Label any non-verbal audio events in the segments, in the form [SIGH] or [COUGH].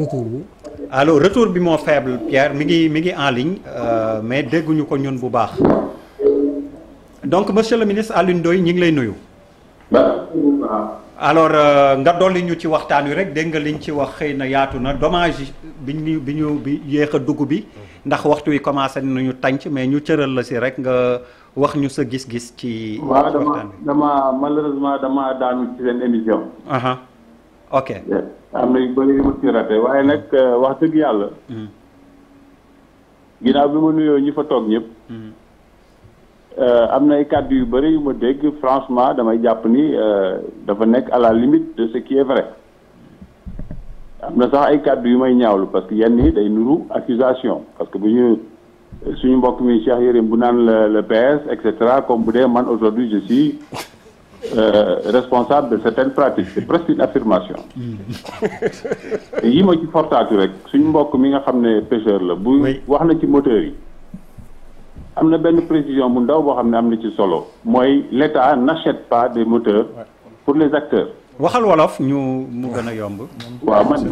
retour bi. retour bi moo faible Pierre mi ngi mi ngi en ligne euh, mais dégguñu ko ñun bu baax donc monsieur la ministre Alioune Ndoye ñu ngi lay nuyu. alors euh, nga dolli ñu ci waxtaan wi rek dégg nga liñ ci wax xëy na yaatu na dommage bi ñu bi ñu bi yéex a dugg bi ndax waxtu wi commencé nañu tànc mais ñu cëral la si rek nga wax ñu sa gis-gis ci. waxtaan bi waaw dama daanu ci seen émission. ok am na yu bëri yu ma ci waaye nag euh, wax dëgg yàlla. Mm-hmm. ginnaaw bi ma nuyoo ñi fa toog ñëpp. Mm-hmm. Euh, am na ay kàddu yu bëri yu ma dégg franchement damay jàpp ni euh, dafa nekk à la limite de ce qui est vrai am na sax ay kàddu yu may ñaawlu parce que yenn yi day nuru accusation parce que bu ñu suñu mbokk mi Cheikh Yérim bu naan le PS et cetera comme bu dee man aujourd'hui je suis. Euh, responsable de certaines pratiques c'est presque une affirmation mm. yi ma ci fortaatu rek suñ mbokk mi nga xam ne pêcheur la bu wax na ci moteur yi am na benn précision bu ndaw boo xam ne am na ci solo mooy l'État n'achète pas des moteurs pour les acteurs waxal wolof ñu mu gën a yomb waaw man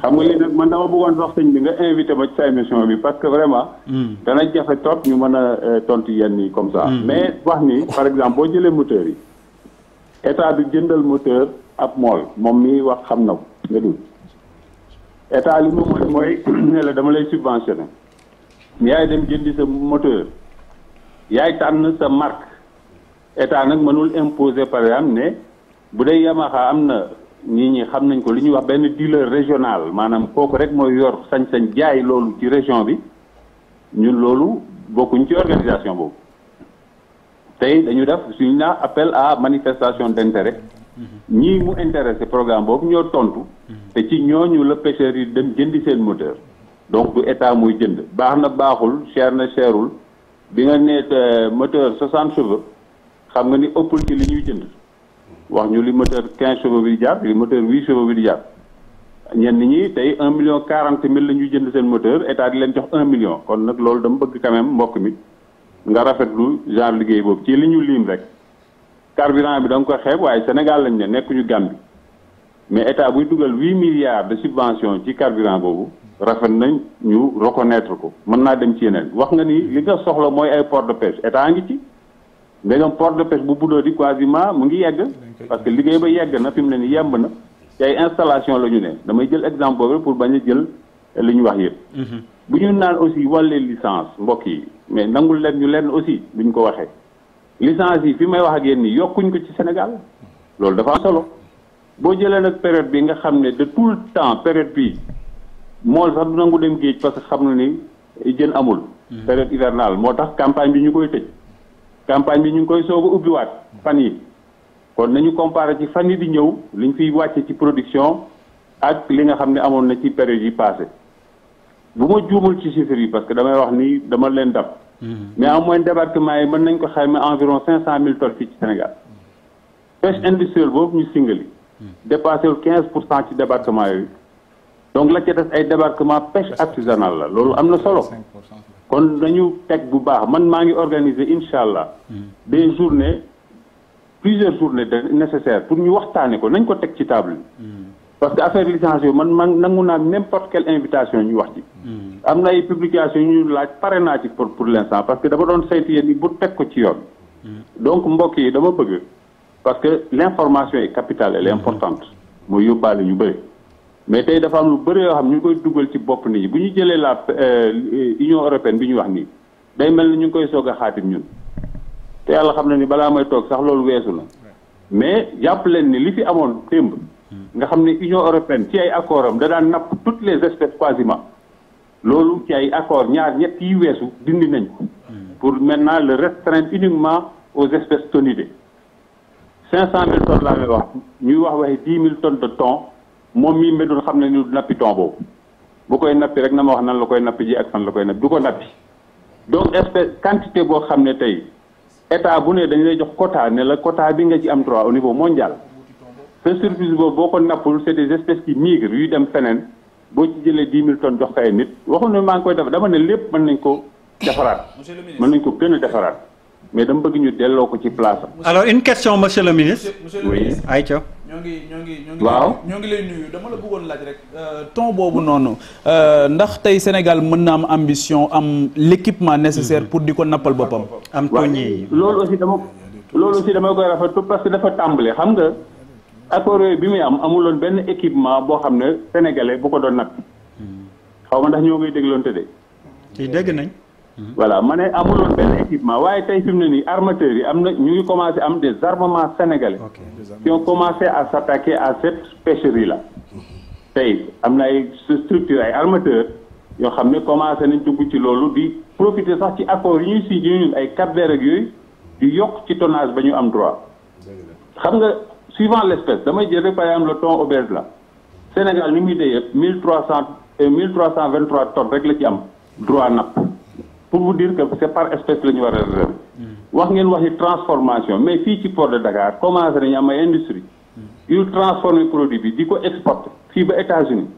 xam nga léegi nag man dama bëggoon sax sëñ bi nga invité ma ci sa émission bi parce que vraiment mm. dana jafe trop ñu mën a euh, tontu yenn yi comme ça mm. mais wax ni par exemple boo jëlee moteurs yi état bi jëndal moteur ab mool moom mi wax xam na ko nga dul état li mu mën mooy [CLEARS THROAT] ne la dama lay subventionné yaay dem jëndi sa moteur yaay tànn sa marque état nag mënul imposer par exemple ne bu dee Yamaha am na nit ñi xam nañ ko li ñuy wax benn dealer régional maanaam kooku rek mooy yor sañ-sañ jaay loolu ci région bi ñun loolu bokkuñ ci organisation boobu tey dañu def suñu naa appel à manifestation d' intérêt ñii mu intéressé programme boobu ñoo tontu te ci ñooñu la pêcheurs yi dem jëndi seen moteur donc du état muy jënd baax na baaxul cher na cherul bi nga ne moteur 60 chevaux xam nga ni ëppul ci li ñuy jënd wax ñu li moteur 15 chevaux bi di jàpp li moteur 8 chevaux bi di jàpp ñenn ñi tey 1 million 40 mille la ñuy jënd seen moteur état di leen jox 1 million kon nag loolu dama bëgg quand même mi. nga rafet lu genre liggéey boobu ci li ñu liim rek carburant bi da nga ko xeeb waaye Sénégal lañ ne nekkuñu Gambie mais état buy dugal huit milliards de subvention ci carburant boobu rafet nañ ñu reconnaître ko mën naa dem ci yeneen wax nga ni li nga soxla mooy ay port de pêche état ngi ci ndegam port de pêche bu buddoo di quasiment mu ngi yegg parce que liggéey ba yegg na fi ne ni yemb na ci ay installation la ñu ne damay jël exemple boobu pour bañ a jël li ñu wax yëpp mm-hmm. bu ñu naan aussi wàllu licence mbokk yi mais nangul leen ñu leen aussi buñ ko waxee licence yi fi may wax ak yéen nii yokkuñ ko ci Sénégal loolu dafa am solo boo jëlee nag période bi nga xam ne de tout le temps période bi moo sax du nangu dem géej parce que xam na ni jën amul. Hmm. période hivernale moo tax campagne bi ñu koy tëj campagne bi ñu ngi koy soog a ubbiwaat fan yi kon nañu comparé ci fan yi di ñëw liñ fiy wàcce ci production ak li nga xam ne amoon na ci période yi passé bu ma juumal ci chiffres parce que damay wax ni dama leen dab. Hmm. mais au moins débarquement yi mën nañ ko xayma environ cinq cent mille tonnes fii ci Sénégal. pêche industrielle boobu ñu singali. Hmm. dépassé wu quinze pour cent ci débarquement yooyu. donc la ca des ay débarquement pêche artisanale la loolu am na solo. kon dañu teg bu baax man maa ngi organiser incha allah. Hmm. des journées plusieurs journées de nécessaire pour ñu waxtaanee ko nañ ko teg ci table bi. parce que affaire licence yooyu man man nangu naa n'importe quelle invitation ñu wax ci. Hmm. am na ay publication ñu laaj pare naa ci pour pour l'instant parce que dama doon saytu yéen ni bu teg ko ci yoon. Hmm. donc mbokk yi dama bëgg. parce que l'information yi capitale elle est hmm. importante. mooy yóbbaale ñu bëri. mais tey dafa am lu bëri yoo xam ñu ngi koy dugal ci bopp nit ñi bu ñu jëlee la euh, Union européenne bi ñu wax nii. day mel ni ñu ngi koy soog a xaatim ñun. te yàlla xam na ni balaa may toog sax loolu weesu na. mais jàpp li fi amoon démb. nga xam ne Union européenne ci ay accord am da daan napp toutes les espèces quasiment loolu ci ay accord ñaar ñett yi weesu dindi nañ ko pour maintenant le restreindre uniquement aux espèces tonidées cinq cent mille tonnes laa lay wax ñuy wax waxi dix mille tonnes de thon moom mii médoon xam ne ni du nappi thon boobu bu koy nappi rek na ma wax nan la koy nappi ji ak fan la koy nappi du ko nappi donc espèce quantité boo xam ne tey état bu ne dañu lay jox quota ne la quota bi nga ci am droit au mondial fesurfise boobu boo ko nappul c'est des espèces qui migrent yuy dem feneen boo ci jëlee dix mille jox ko ay nit waxul ne maa ngi koy def dama ne lépp mën nañ ko defaraat mën nañ a defaraat mais dama bëgg ñu delloo ko ci place am. alors une question monsieur le ministre. monsieur le ministre oui Aïcha. ñoo ngi ñoo ngi ñoo ngi. waaw ñoo ngi lay nuyu dama la bëggoon laaj rek. Euh, ton boobu noonu euh, ndax tey Sénégal mën na am ambition am l'équipement nécessaire mhm. pour di ko nappal boppam. am toñi loolu aussi dafa tàmbale xam nga. accord yooyu bi muy am amuloon benn équipement boo xam ne sénégalais boo ko doon natt xaw ma ndax ñoo ngi dégloonte de. tey dégg nañ. voilà ma ne amuloon benn équipement waaye tey fi ne nii armateurs yi am na ñu commencé am des armements sénégalais. qui commencé à s'attaquer à cette pêcherie là. tey am na ay structure ay armateurs yoo xam ne commencé nañ dugg ci loolu di profiter sax ci accords yi ñuy signé ñun ay Cap-Vert yooyu di yokk ci tonnage ba ñu am droit. xam nga. suivant l'espèce damay jëlee par exemple le thon obèse la Sénégal ni muy dee yëpp mille trois cent mille trois cent vingt trois tonnes rek la ci am droit napp pour vous dire que c'est par espèce la ñu war a réserver hmm. wax ngeen waxi transformation mais fii ci port de Dakar commencé nañu am ay industrie hmm. yu transformer produit bi di ko exporter fii ba États-Unis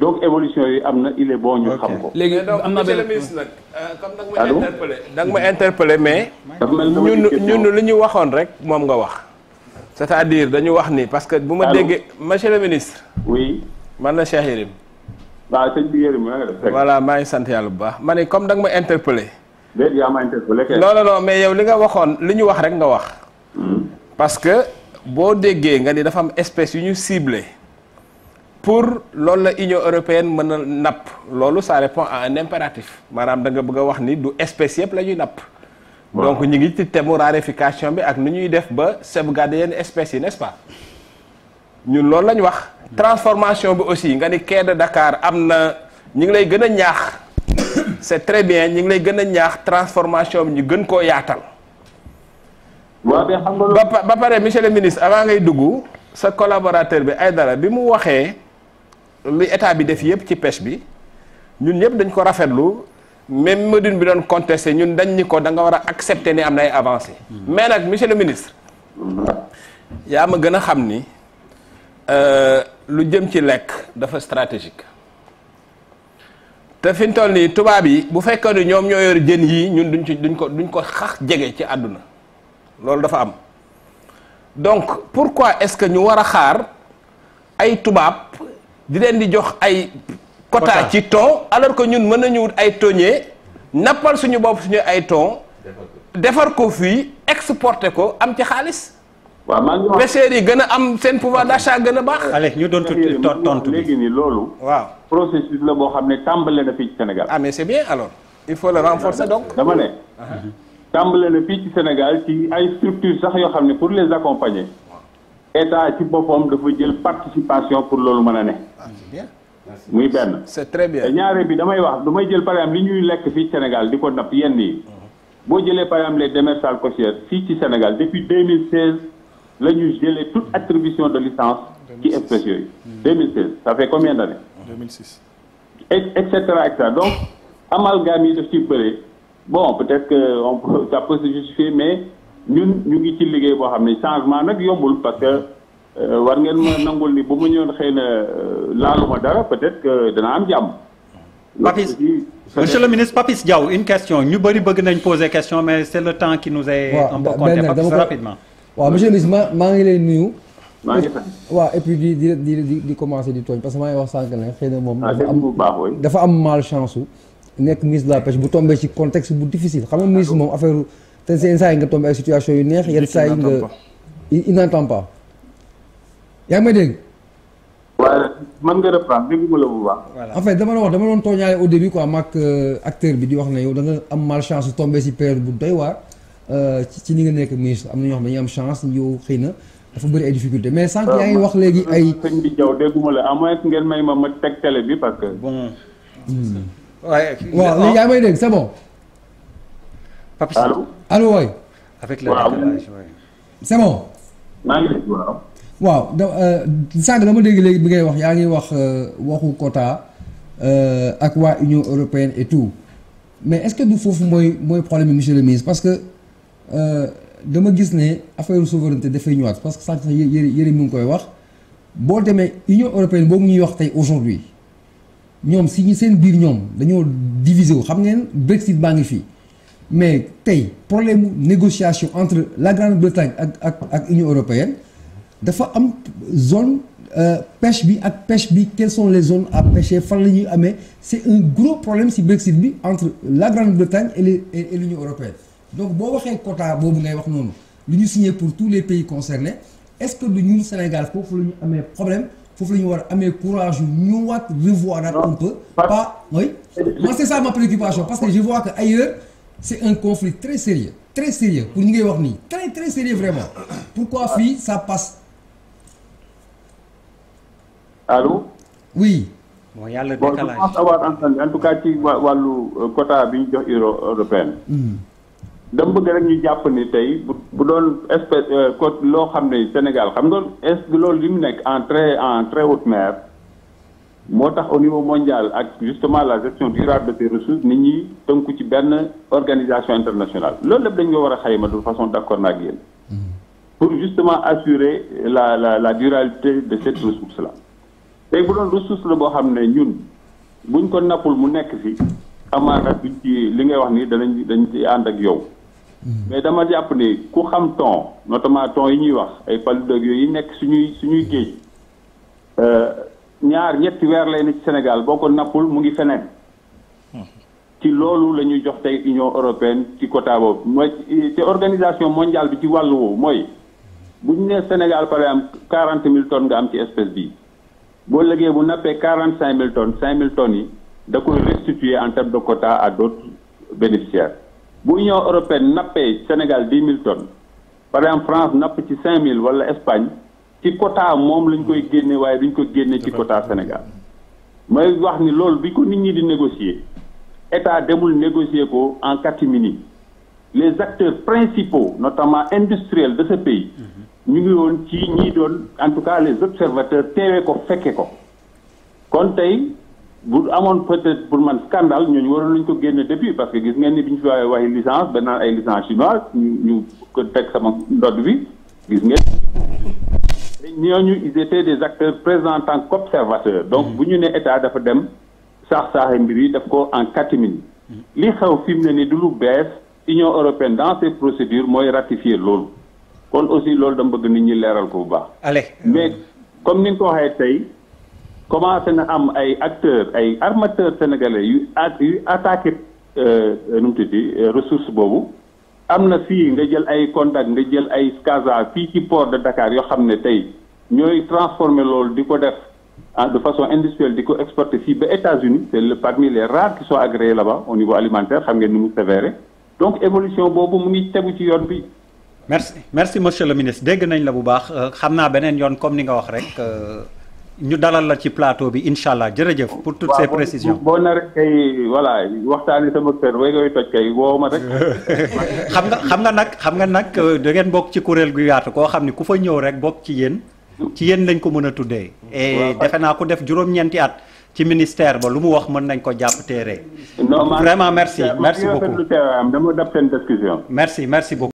donc évolution yi am na il est bon ñu xam ko. léegi am na benn monsieur le ministre nag. Euh, ma interpellé. da nga ma interpellé mais. ñun ñun li waxoon rek moom nga wax. c'est-à-dire dañu wax ni parce que bu ma déggee monsieur le ministre. oui man la Cheikh Yérim. waaw sëñ maa ngi sant yàlla bu baax ma ne comme da nga ma interpellé. déedéet yaa ma interpellé kay. mais yow li nga waxoon li ñu wax rek nga wax. Hmm. parce que boo déggee nga ni dafa am espèce yu ñu ciblé. pour loolu la Union européenne mën a napp loolu ça répond à un impératif maanaam da nga bëgg a wax ni du espèce yëpp la ñuy napp. donc ñu ngi ci thème raréfication bi ak nu ñuy def ba sauvegarder yenn espèces yi n'est-ce pas ñun loolu lañu wax transformation bi aussi nga ni quai de Dakar am na ñi ngi lay gën a ñaax [COUGHS] c'est très bien ñi ngi lay gën a ñaax transformation bi ñu gën koo yaatal ba ba pare monsieur le ministre avant ngay dugg sa collaborateur bi ay Aïdara bi mu waxee lu état bi def yëpp ci pêche bi ñun ñëpp dañ ko rafetlu même Modou bi doon contesté ñun dañ ni ko danga war a accepter ni am na ay avancé hmm. mais nag monsieur le ministre yaa ma gën a xam ni euh, lu jëm ci lekk dafa stratégique te fi mu toll nii tubaab yi bu fekkee ni ñoom ñoo yor jën yii ñun duñ ci duñ ko duñ ko xax jege ci àdduna loolu dafa am donc pourquoi est-ce que ñu war a xaar ay tubaab di leen di jox ay quota ci thon alors que ñun mën nañu wut ay thonier nappal suñu bopp suñu ay thon defar ko fii exporter ko am ci xaalis. waaw maa ngi wax pêcheurs yi gën a am seen pouvoir d'achat gën a baax. allez ñu doon tuuti tontu léegi nii loolu. waaw processus la boo xam ne tàmbale na fii ci Sénégal. ah mais c'est bien alors. il faut le renforcer donc. dama ne. Uh-huh. tàmbale na fii ci Sénégal ci ay structures sax yoo xam ne pour les accompagner. état ci boppam dafa jël participation pour loolu mën a ne. Ah, muy benn. c'est très bien ñaare bi damay wax damay jël par exemple li ñuy lekk fii Sénégal di ko napp yenn yi. Mhm. boo jëlee par exemple les démersales côtières fii ci Sénégal depuis 2016 la ñu jëlee toute attribution de licence ci espèces yooyu. 2016 mhm. ça sa combien d'années. 2006. et et cetera et cetera donc amalgame yi daf ci bëre bon peut-être que on peut ça peut se justifier mais ñun ñu ngi ci liggéey boo xam ne changement nag yombul parce que. Euh, war ngeen ma nangul ni bu mu ñëwoon xëy na euh, laaluma dara peut-être que dana am jàmm. Papis monsieur le ministre Papis Diaw une question ñu bëri bëgg nañ poser question mais c'est le temps ki nous est. maa ngi lay nuyu. maa ngi fay waaw et di di di di commencer di tooñ parce que maa ngi wax sànq ne xëy na moom. Ah, dafa am malchance su nekk ministre de la pêche bu tombé ci contexte bu difficile xam nga ministre moom affaire te seen saa yi nga tombé ay situation yu neex yenn saa yi nga. il n'entend pas. yaa ngi may dégg. waaye mën nga reprendre déggu ma la bu dama la wax dama doon tooñaale au début quoi maak euh, acteur bi di wax na yow da nga am malchance su tombé si période bu day waa euh, ci ni nga nekk ministre am na ñoo xam ne dañuy am chance yow xëy na dafa bëri ay difficultés mais sànq yaa ngi wax léegi ay. Euh, sëñ bi Diaw déggu ma la à ngeen ma ma teg télé bi parce que. bon. waaye. Hmm. waaw léegi yaa may dégg c'est bon. allo allo waay. avec la waaw da euh, sànq dama dégg léegi bi ngay wax yaa ngi wax euh, waxu quota euh, ak waa Union européenne et tout mais est-ce que du foofu mooy mooy problème bi monsieur le ministre parce que dama gis ne affaire souveranté dafay ñëwaat parce que sànq sax yëre yëri mu ngi koy wax boo demee Union européenne boobu ñuy wax tey aujourd'hui ñoom si ñu seen biir ñoom dañoo diviser wu xam ngeen Brexit maa ngi fii mais tey problème négociation entre la Grande-Bretagne ak ak ak Union européenne dafa am zone euh, pêche bi ak pêche bi quelles son les zones à pêcher fan la ñuy amee c'est un gros problème ci Brexit bi entre la Grande-Bretagne et les et l'Union européenne donc boo waxee quota boobu ngay wax noonu lu ñu signé pour tous les pays concernés est-ce que du ñun Sénégal foofu la ñu amee problème foofu la ñu war a amee courage ñu ñëwaat revoir un peu pas oui moi c'est ça ma préoccupation parce que je vois que ailleurs c'est un conflit très sérieux très ngay wax nii très vraiment allo. oui. bon yàlla décalage bon je pense en tout cas ci wàllu euh, quota bi ñu jox euro européenne. Hmm. dama bëgg rek ñu jàpp ni tey bu bu doon espèce euh, côte loo xam ne Sénégal xam nga est loolu li mu nekk en très en très haute mer moo tax au niveau mondial ak justement la gestion durable de ces ressources nit ñi tënku ci benn organisation internationale loolu lépp dañ ko war a xayma du façon d'accord naag yéen hmm. pour justement assurer la la la durabilité de cette ressource la léegi bu doon ressource la boo xam ne ñun buñ ko nappul mu nekk fi amaana duñ ci li ngay wax nii danañ dañ ci ànd ak yow hmm. mais dama jàpp ne ku xam ton notamment ton yi ñuy wax ay paludoog yooyu nekk suñuy suñuy géej euh, ñaar ñetti weer lay ne ci Sénégal boo ko nappul mu ngi feneen hmm. ci loolu la ñuy jox tey Union européenne ci quota boobu mooy ci organisation mondiale bi ci wàllu woowu mooy bu ñu nee Sénégal par exemple quarante mille tonnes nga am ci espèce bi boo lëgee bu nappee quarante cinq mille tonnes cinq mille tonnes yi da koy restituer en terme de quota à d' autres bu Union européenne nappee Sénégal dix mille tonnes par exemple France napp ci cinq mille wala Espagne ci quota moom lañ koy génne waaye duñ ko génnee ci quota Sénégal mooy wax ni loolu bi ko nit ñi di négocier état demul négocier ko en catimini les acteurs principaux notamment industriels de ce pays. ñu ngi woon ci ñi doon en tout cas les observateurs teewee ko fekkee ko kon tey bu amoon peut-être pour man scandale ñooñu waroon luñ ko génne depuis parce que gis ngeen ni bi ñu fi waxee waxi licence ba naan ay licence chinoise ñu ko teg sama ndodd bi gis ngeen ñooñu ils étaient des acteurs présents en tant qu'observateurs donc bu ñu ne état dafa dem saax saaxe mbir yi daf ko en catimini mm-hmm. li xew fi mu ne ni du lu bees Union européenne dans ses procédures mooy ratifier loolu kon aussi loolu dama bëgg nit ñi leeral ko bu baax. allez mais comme ni nga ko waxee tey commencé na am ay acteurs ay armateurs sénégalais yu at yu attaqué euh, nu mu tuddi euh, ressource boobu. am na fii nga jël ay contact nga jël ay Casa fii ci port de Dakar yoo xam ne tey ñooy transformer loolu di ko def de façon industrielle di ko exporter fi ba États-Unis c'est le parmi les rares qui la ba au niveau alimentaire xam ngeen ni mu sévère donc évolution boobu mu ngi tegu ci yoon bi. merci merci monsieur le ministre dégg nañ la bu baax euh, xam naa beneen yoon comme ni nga wax rek euh, ñu dalal la ci plateau bi incha allah jërëjëf. pour tout ces précisions boo na rek kay voilà waxtaanee sama kër way koy toj kay ma rek. [LAUGHS] xam nga xam nga nag xam nga nag euh, da ngeen bokk ci kuréel gu yaatu koo xam ni ku fa ñëw rek bokk ci yéen. ci yéen lañ ko mën a tuddee. et defe naa ko def juróom-ñeenti at. ci ministère ba lu mu wax mën nañ ko jàpp téere. vraiment merci merci beaucoup non dama dab seen discussion. merci merci